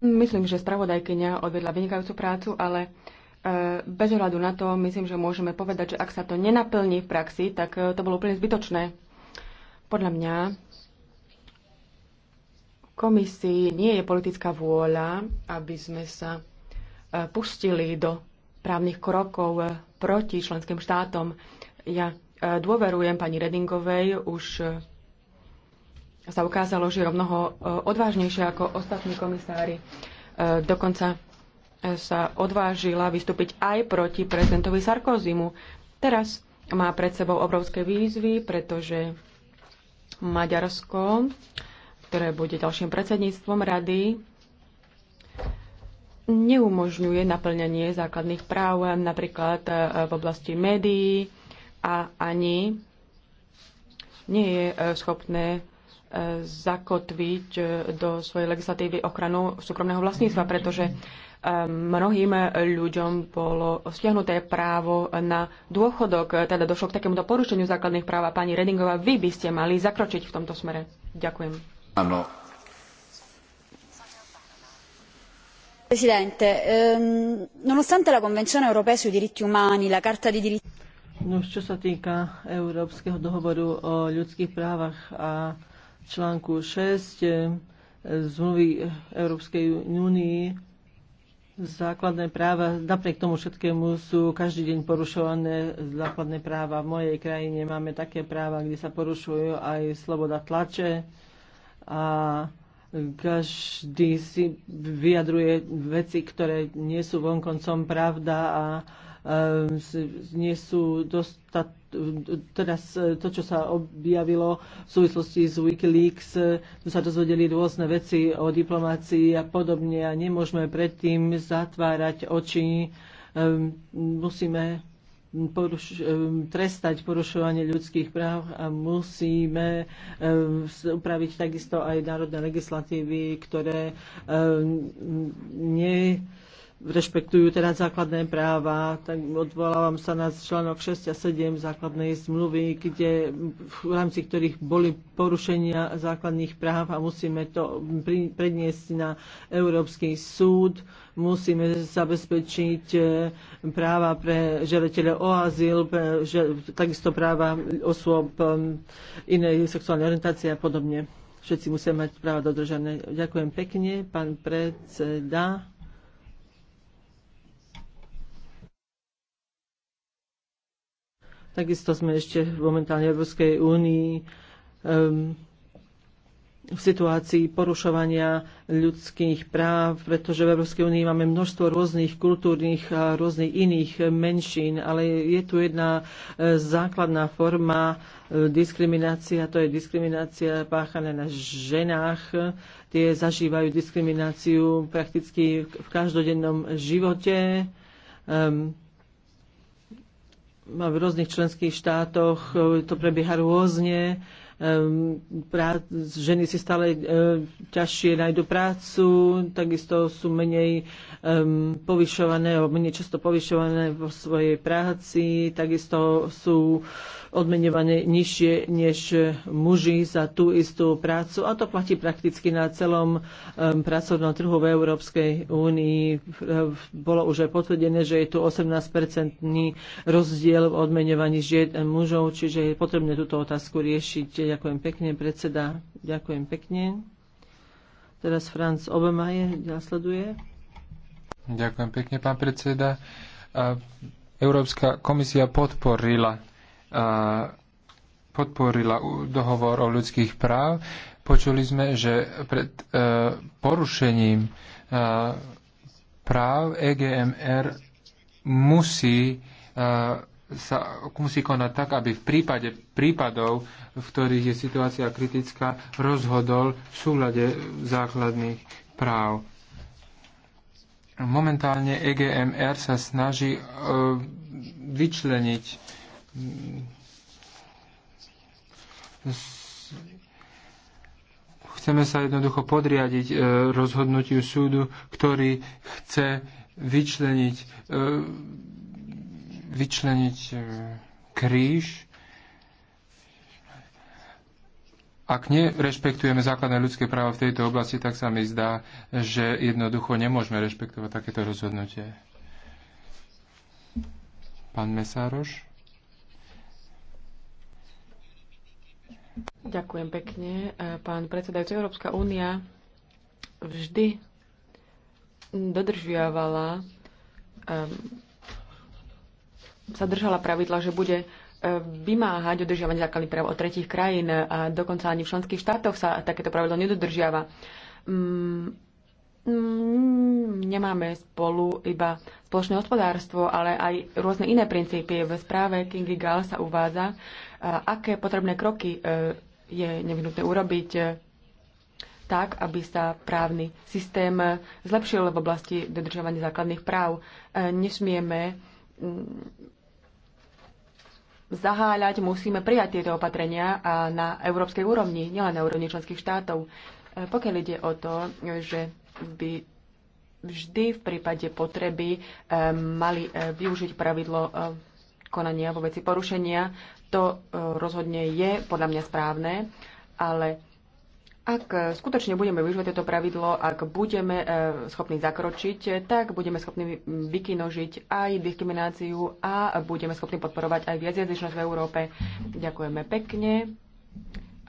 Myslím, že spravodajkyňa odvedla vynikajúcu prácu, ale e, bez ohľadu na to, myslím, že môžeme povedať, že ak sa to nenaplní v praxi, tak e, to bolo úplne zbytočné. Podľa mňa v komisii nie je politická vôľa, aby sme sa e, pustili do právnych krokov proti členským štátom. Ja dôverujem pani Redingovej už sa ukázalo, že je o mnoho e, odvážnejšie ako ostatní komisári. E, dokonca e, sa odvážila vystúpiť aj proti prezidentovi Sarkozimu. Teraz má pred sebou obrovské výzvy, pretože Maďarsko, ktoré bude ďalším predsedníctvom rady, neumožňuje naplňanie základných práv napríklad v oblasti médií a ani nie je schopné zakotviť e, do svojej legislatívy ochranu súkromného vlastníctva, pretože e, mnohým ľuďom bolo stiahnuté právo na dôchodok, e, teda došlo k takémuto porušeniu základných práv a pani Redingová, vy by ste mali zakročiť v tomto smere. Ďakujem. Áno. Presidente, um, nonostante la Convenzione europea sui diritti umani, la Carta dei diritti... No, čo sa týka Európskeho dohovoru o ľudských právach a článku 6 eh, zmluvy Európskej únii základné práva, napriek tomu všetkému sú každý deň porušované základné práva. V mojej krajine máme také práva, kde sa porušujú aj sloboda tlače a každý si vyjadruje veci, ktoré nie sú vonkoncom pravda a Ehm, nie sú dostat, teraz to, čo sa objavilo v súvislosti s Wikileaks, e, tu sa dozvedeli rôzne veci o diplomácii a podobne a nemôžeme predtým zatvárať oči. Ehm, musíme poruš- ehm, trestať porušovanie ľudských práv a musíme upraviť takisto aj národné legislatívy, ktoré nie rešpektujú teda základné práva, tak odvolávam sa na článok 6 a 7 základnej zmluvy, kde, v rámci ktorých boli porušenia základných práv a musíme to predniesť na Európsky súd. Musíme zabezpečiť e, práva pre žiadateľov o azyl, že, takisto práva osôb e, inej sexuálnej orientácie a podobne. Všetci musia mať práva dodržané. Ďakujem pekne, pán predseda. Takisto sme ešte momentálne v Európskej únii um, v situácii porušovania ľudských práv, pretože v Európskej únii máme množstvo rôznych kultúrnych a rôznych iných menšín, ale je tu jedna e, základná forma e, diskriminácia, to je diskriminácia páchaná na ženách. Tie zažívajú diskrimináciu prakticky v každodennom živote. Um, v rôznych členských štátoch e, to prebieha rôzne. Ehm, Prá- ženy si stále e, ťažšie nájdu prácu, takisto sú menej ehm, povyšované, alebo menej často povyšované vo svojej práci, takisto sú odmenované nižšie než muži za tú istú prácu. A to platí prakticky na celom pracovnom trhu v Európskej únii. Bolo už aj potvrdené, že je tu 18-percentný rozdiel v odmenovaní žien a mužov, čiže je potrebné túto otázku riešiť. Ďakujem pekne, predseda. Ďakujem pekne. Teraz Franz Obemaje nasleduje. Ďakujem pekne, pán predseda. Európska komisia podporila podporila dohovor o ľudských práv. Počuli sme, že pred e, porušením e, práv EGMR musí e, sa musí konať tak, aby v prípade prípadov, v ktorých je situácia kritická, rozhodol v súlade základných práv. Momentálne EGMR sa snaží e, vyčleniť Mm. Chceme sa jednoducho podriadiť e, rozhodnutiu súdu, ktorý chce vyčleniť, e, vyčleniť e, kríž Ak nerešpektujeme základné ľudské práva v tejto oblasti, tak sa mi zdá, že jednoducho nemôžeme rešpektovať takéto rozhodnutie. Pán Mesároš? Ďakujem pekne. E, pán predsedajúci, Európska únia vždy dodržiavala, um, sa držala pravidla, že bude e, vymáhať dodržiavanie základných práv od tretich krajín a dokonca ani v členských štátoch sa takéto pravidlo nedodržiava. Um, nemáme spolu iba spoločné hospodárstvo, ale aj rôzne iné princípy. V správe Kingy Gall sa uvádza, aké potrebné kroky e, je nevyhnutné urobiť e, tak, aby sa právny systém zlepšil v oblasti dodržovania základných práv. E, nesmieme mm, zaháľať, musíme prijať tieto opatrenia a na európskej úrovni, nielen na úrovni členských štátov. Pokiaľ ide o to, že by vždy v prípade potreby mali využiť pravidlo konania vo veci porušenia, to e, rozhodne je podľa mňa správne, ale ak skutočne budeme využívať toto pravidlo, ak budeme e, schopní zakročiť, tak budeme schopní vykinožiť aj diskrimináciu a budeme schopní podporovať aj viac jazyčnosť v Európe. Ďakujeme pekne.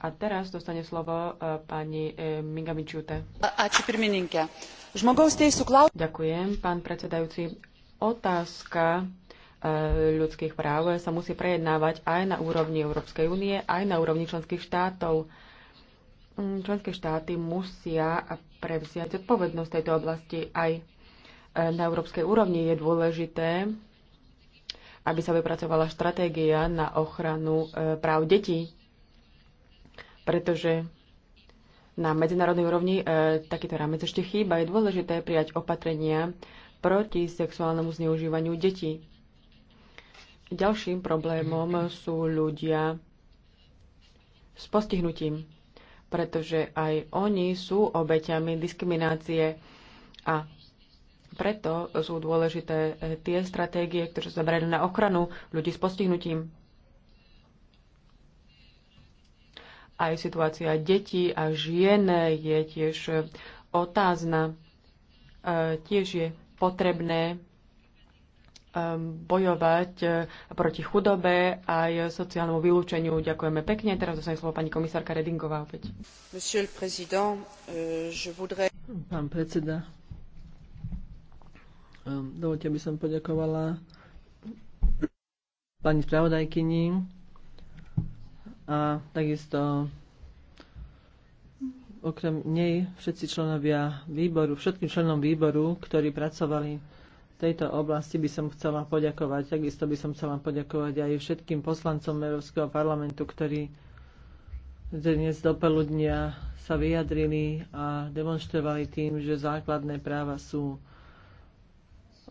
A teraz dostane slovo e, pani Mingamičiute. Ďakujem, pán predsedajúci. Otázka Eh, ľudských práv sa musí prejednávať aj na úrovni Európskej únie, aj na úrovni členských štátov. Mm, členské štáty musia prevziať odpovednosť tejto oblasti aj eh, na európskej úrovni. Je dôležité, aby sa vypracovala stratégia na ochranu eh, práv detí, pretože na medzinárodnej úrovni takýto rámec ešte chýba. Je dôležité prijať opatrenia proti sexuálnemu zneužívaniu detí Ďalším problémom sú ľudia s postihnutím, pretože aj oni sú obeťami diskriminácie a preto sú dôležité e, tie stratégie, ktoré sa zamerajú na ochranu ľudí s postihnutím. Aj situácia detí a žien je tiež otázna. E, tiež je potrebné Um, bojovať uh, proti chudobe aj sociálnemu vylúčeniu. Ďakujeme pekne. Teraz dostane slovo pani komisárka Redingová opäť. Euh, Pán predseda, um, dovolte by som poďakovala pani spravodajkyni a takisto okrem nej všetci členovia výboru, všetkým členom výboru, ktorí pracovali tejto oblasti by som chcela poďakovať. Takisto by som chcela poďakovať aj všetkým poslancom Európskeho parlamentu, ktorí dnes peludnia sa vyjadrili a demonstrovali tým, že základné práva sú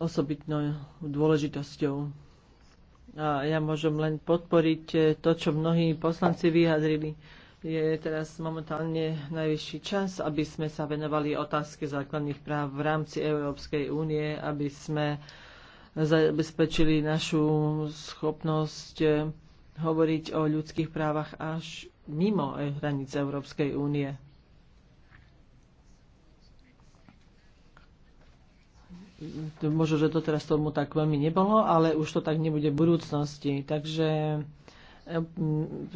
osobitnou dôležitosťou. A ja môžem len podporiť to, čo mnohí poslanci vyjadrili je teraz momentálne najvyšší čas, aby sme sa venovali otázke základných práv v rámci Európskej únie, aby sme zabezpečili našu schopnosť eh, hovoriť o ľudských právach až mimo eh, hranice Európskej únie. Možno, že to teraz tomu tak veľmi nebolo, ale už to tak nebude v budúcnosti. Takže Eh,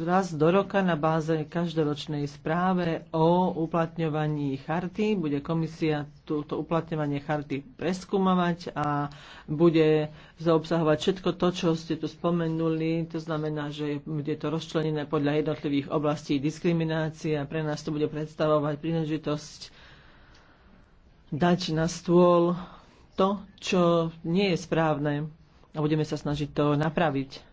raz do roka na báze každoročnej správe o uplatňovaní charty. Bude komisia túto uplatňovanie charty preskúmavať a bude zaobsahovať všetko to, čo ste tu spomenuli. To znamená, že bude to rozčlenené podľa jednotlivých oblastí diskriminácie a pre nás to bude predstavovať príležitosť dať na stôl to, čo nie je správne a budeme sa snažiť to napraviť.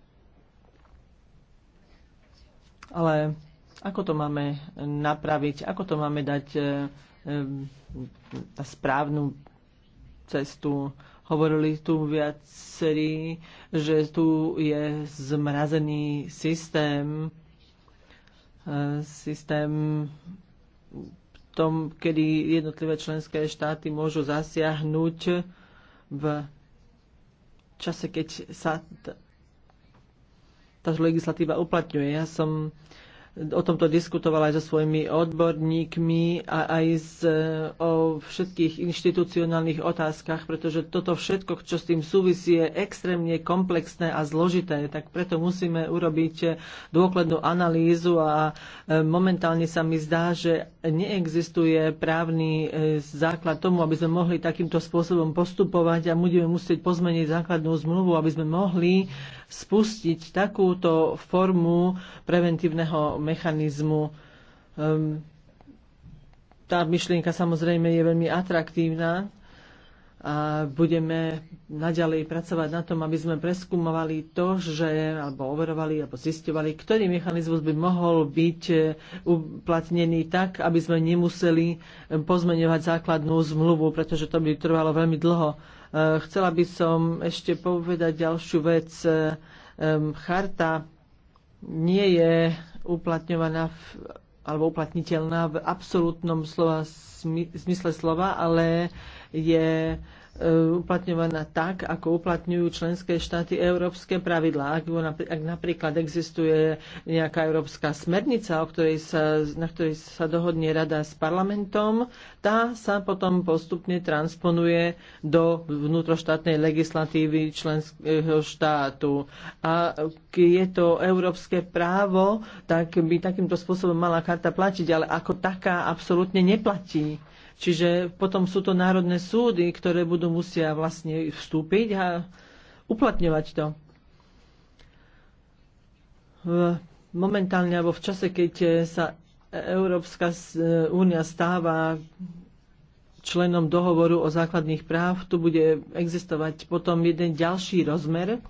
Ale ako to máme napraviť, ako to máme dať na e, e, správnu cestu. Hovorili tu viacerí, že tu je zmrazený systém, e, systém v tom, kedy jednotlivé členské štáty môžu zasiahnuť v čase, keď sa táto legislatíva uplatňuje. Ja som o tomto diskutovala aj so svojimi odborníkmi a aj z, e, o všetkých inštitucionálnych otázkach, pretože toto všetko, čo s tým súvisí, je extrémne komplexné a zložité. Tak preto musíme urobiť dôkladnú analýzu a e, momentálne sa mi zdá, že neexistuje právny e, základ tomu, aby sme mohli takýmto spôsobom postupovať a budeme musieť pozmeniť základnú zmluvu, aby sme mohli spustiť takúto formu preventívneho mechanizmu. Ehm, tá myšlienka samozrejme je veľmi atraktívna a budeme naďalej pracovať na tom, aby sme preskúmovali to, že, alebo overovali, alebo zistovali, ktorý mechanizmus by mohol byť e, uplatnený tak, aby sme nemuseli e, pozmeňovať základnú zmluvu, pretože to by trvalo veľmi dlho. Eh, chcela by som ešte povedať ďalšiu vec. Charta nie je uplatňovaná v, alebo uplatniteľná v absolútnom slova, zmysle slova, ale je E, uplatňovaná tak, ako uplatňujú členské štáty európske pravidlá. Ak, ak napríklad existuje nejaká európska smernica, o ktorej sa, na ktorej sa dohodne rada s parlamentom, tá sa potom postupne transponuje do vnútroštátnej legislatívy členského štátu. A keď je to európske právo, tak by takýmto spôsobom mala karta platiť, ale ako taká absolútne neplatí. Čiže potom sú to národné súdy, ktoré budú musia vlastne vstúpiť a uplatňovať to. V momentálne alebo v čase, keď eh, sa Európska eh, únia stáva členom dohovoru o základných práv, tu bude existovať potom jeden ďalší rozmer,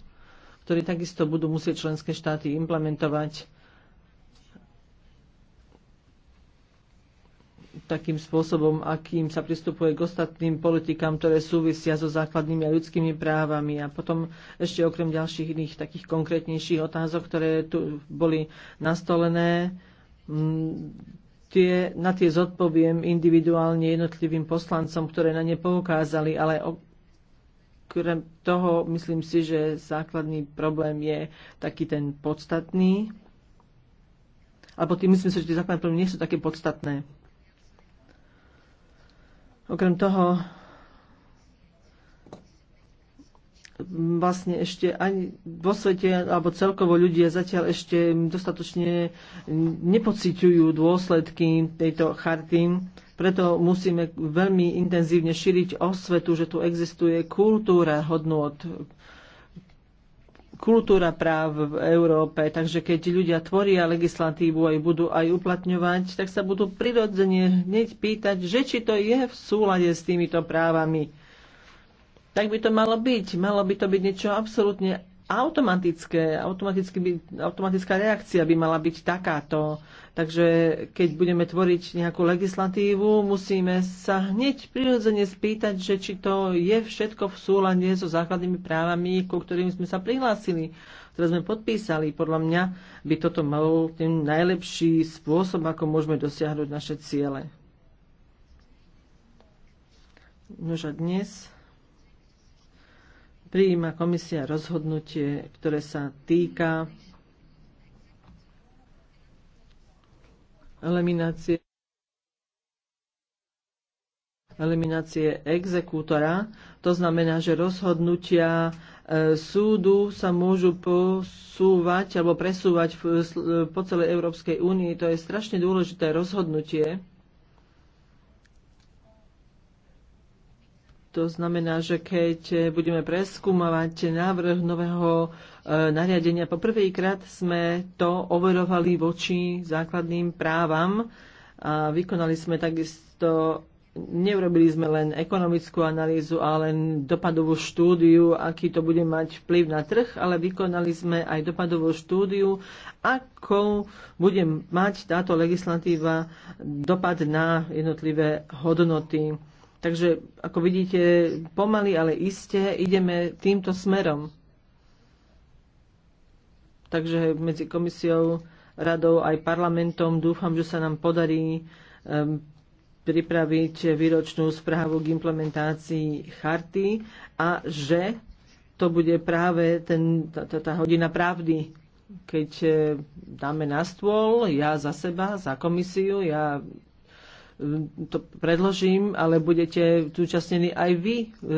ktorý takisto budú musieť členské štáty implementovať. takým spôsobom, akým sa pristupuje k ostatným politikám, ktoré súvisia so základnými a ľudskými právami. A potom ešte okrem ďalších iných takých konkrétnejších otázok, ktoré tu boli nastolené, tie, na tie zodpoviem individuálne jednotlivým poslancom, ktoré na ne poukázali, ale okrem toho myslím si, že základný problém je taký ten podstatný. Alebo tým myslím si, že tie základné problémy nie sú také podstatné. Okrem toho vlastne ešte ani vo svete, alebo celkovo ľudia zatiaľ ešte dostatočne nepociťujú dôsledky tejto charty. Preto musíme veľmi intenzívne šíriť osvetu, že tu existuje kultúra hodnot, kultúra práv v Európe, takže keď ľudia tvoria legislatívu a budú aj uplatňovať, tak sa budú prirodzene hneď pýtať, že či to je v súlade s týmito právami. Tak by to malo byť. Malo by to byť niečo absolútne automatické, by, automatická reakcia by mala byť takáto. Takže keď budeme tvoriť nejakú legislatívu, musíme sa hneď prirodzene spýtať, že či to je všetko v súlade so základnými právami, ku ktorým sme sa prihlásili, ktoré sme podpísali. Podľa mňa by toto mal ten najlepší spôsob, ako môžeme dosiahnuť naše ciele. Nože dnes prijíma komisia rozhodnutie, ktoré sa týka eliminácie eliminácie exekútora. To znamená, že rozhodnutia e, súdu sa môžu posúvať alebo presúvať e, po celej Európskej únii. To je strašne dôležité rozhodnutie. To znamená, že keď e, budeme preskúmovať návrh nového e, nariadenia, poprvýkrát sme to overovali voči základným právam a vykonali sme takisto neurobili sme len ekonomickú analýzu a len dopadovú štúdiu, aký to bude mať vplyv na trh, ale vykonali sme aj dopadovú štúdiu, ako bude mať táto legislatíva dopad na jednotlivé hodnoty. Takže, ako vidíte, pomaly, ale iste ideme týmto smerom. Takže medzi komisiou, radou aj parlamentom dúfam, že sa nám podarí um, pripraviť výročnú správu k implementácii charty a že to bude práve ten, tá, tá, tá hodina pravdy, keď eh, dáme na stôl, ja za seba, za komisiu, ja E, to predložím, ale budete zúčastnení aj vy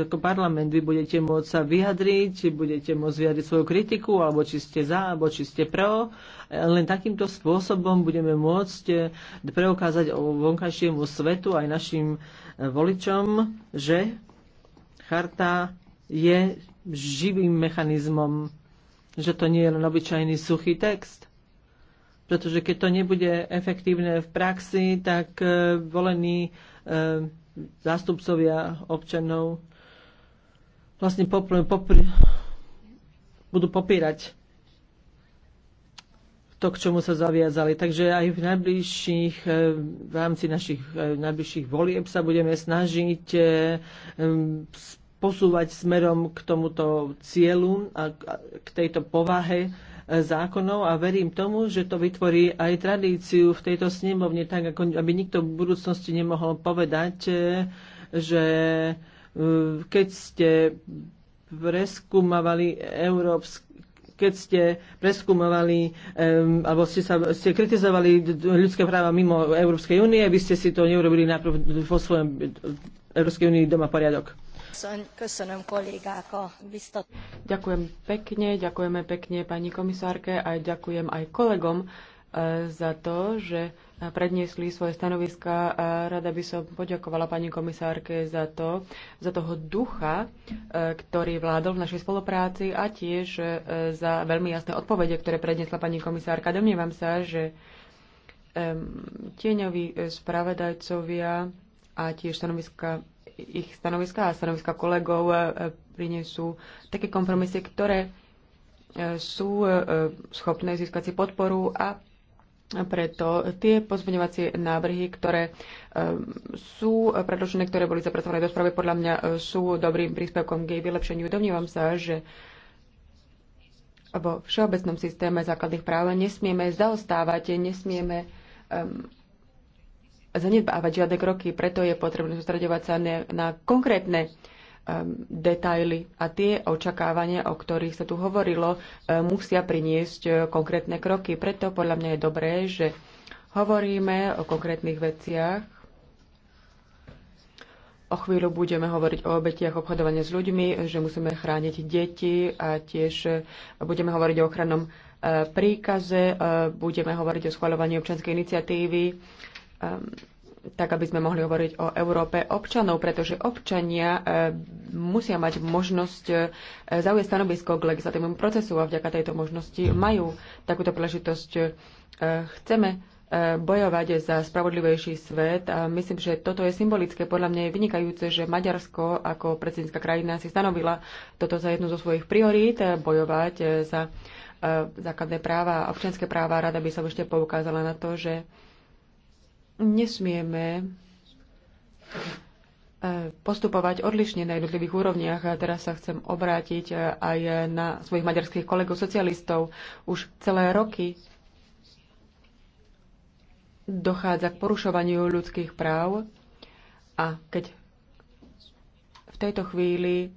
ako parlament. Vy budete môcť sa vyjadriť, budete môcť vyjadriť svoju kritiku, alebo či ste za, alebo či ste pro. E, len takýmto spôsobom budeme môcť e, preukázať o vonkajšiemu svetu aj našim voličom, že charta je živým mechanizmom, že to nie je len obyčajný suchý text pretože keď to nebude efektívne v praxi, tak e, volení e, zástupcovia občanov vlastne popr- popr- budú popírať to, k čomu sa zaviazali. Takže aj v najbližších, e, v rámci našich najbližších volieb sa budeme snažiť posúvať smerom k tomuto cieľu a k tejto povahe zákonov a verím tomu, že to vytvorí aj tradíciu v tejto snemovne, tak ako aby nikto v budúcnosti nemohol povedať, e, že e, keď ste preskúmavali európsky keď ste preskúmovali um, alebo ste, sa, ste kritizovali ľudské práva mimo Európskej únie, vy ste si to neurobili najprv vo svojom Európskej únii doma poriadok. Ďakujem pekne, ďakujeme pekne pani komisárke a ďakujem aj kolegom e, za to, že e, predniesli svoje stanoviska. E, rada by som poďakovala pani komisárke za to, za toho ducha, ktorý vládol v našej spolupráci a tiež za veľmi jasné odpovede, ktoré predniesla pani komisárka. Domnievam sa, že tieňoví spravedajcovia a tiež stanoviska ich stanoviska a stanoviska kolegov e, prinesú také kompromisy, ktoré e, sú e, schopné získať si podporu a preto tie pozmeňovacie návrhy, ktoré sú predložené, ktoré boli zapracované do správy, podľa mňa sú dobrým príspevkom k jej vylepšeniu. Domnívam sa, že vo všeobecnom systéme základných práv nesmieme zaostávať, nesmieme um, zanedbávať žiadne kroky, preto je potrebné sústredovať sa ne, na konkrétne um, detaily a tie očakávania, o ktorých sa tu hovorilo, um, musia priniesť um, konkrétne kroky. Preto podľa mňa je dobré, že hovoríme o konkrétnych veciach. O chvíľu budeme hovoriť o obetiach obchodovania s ľuďmi, že musíme chrániť deti a tiež uh, budeme hovoriť o ochrannom uh, príkaze, budeme hovoriť o schvaľovaní občianskej iniciatívy Um, tak aby sme mohli hovoriť o Európe občanov, pretože občania um, musia mať možnosť uh, zaujať stanovisko k legislatívnemu procesu a vďaka tejto možnosti majú takúto príležitosť. Uh, chceme uh, bojovať za spravodlivejší svet a myslím, že toto je symbolické. Podľa mňa je vynikajúce, že Maďarsko ako predsednická krajina si stanovila toto za jednu zo svojich priorít, eh, bojovať eh, za eh, základné práva, občianské práva. Rada by som ešte poukázala na to, že nesmieme e, postupovať odlišne na jednotlivých úrovniach. A teraz sa chcem obrátiť e, aj na svojich maďarských kolegov socialistov. Už celé roky dochádza k porušovaniu ľudských práv a keď v tejto chvíli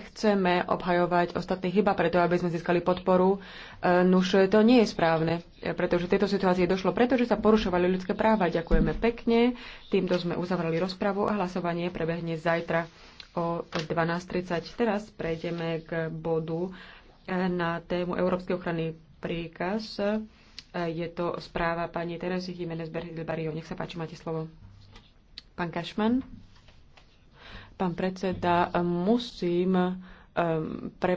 chceme obhajovať ostatných iba preto, aby sme získali podporu. E, nuž to nie je správne, e, pretože tejto situácii došlo, pretože sa porušovali ľudské práva. Ďakujeme pekne. Týmto sme uzavrali rozpravu a hlasovanie prebehne zajtra o 12.30. Teraz prejdeme k bodu e, na tému Európskej ochrany príkaz. Je to správa pani Teresy Jiménez Bario. Nech sa páči, máte slovo. Pán Kašman. Pán predseda, musím pre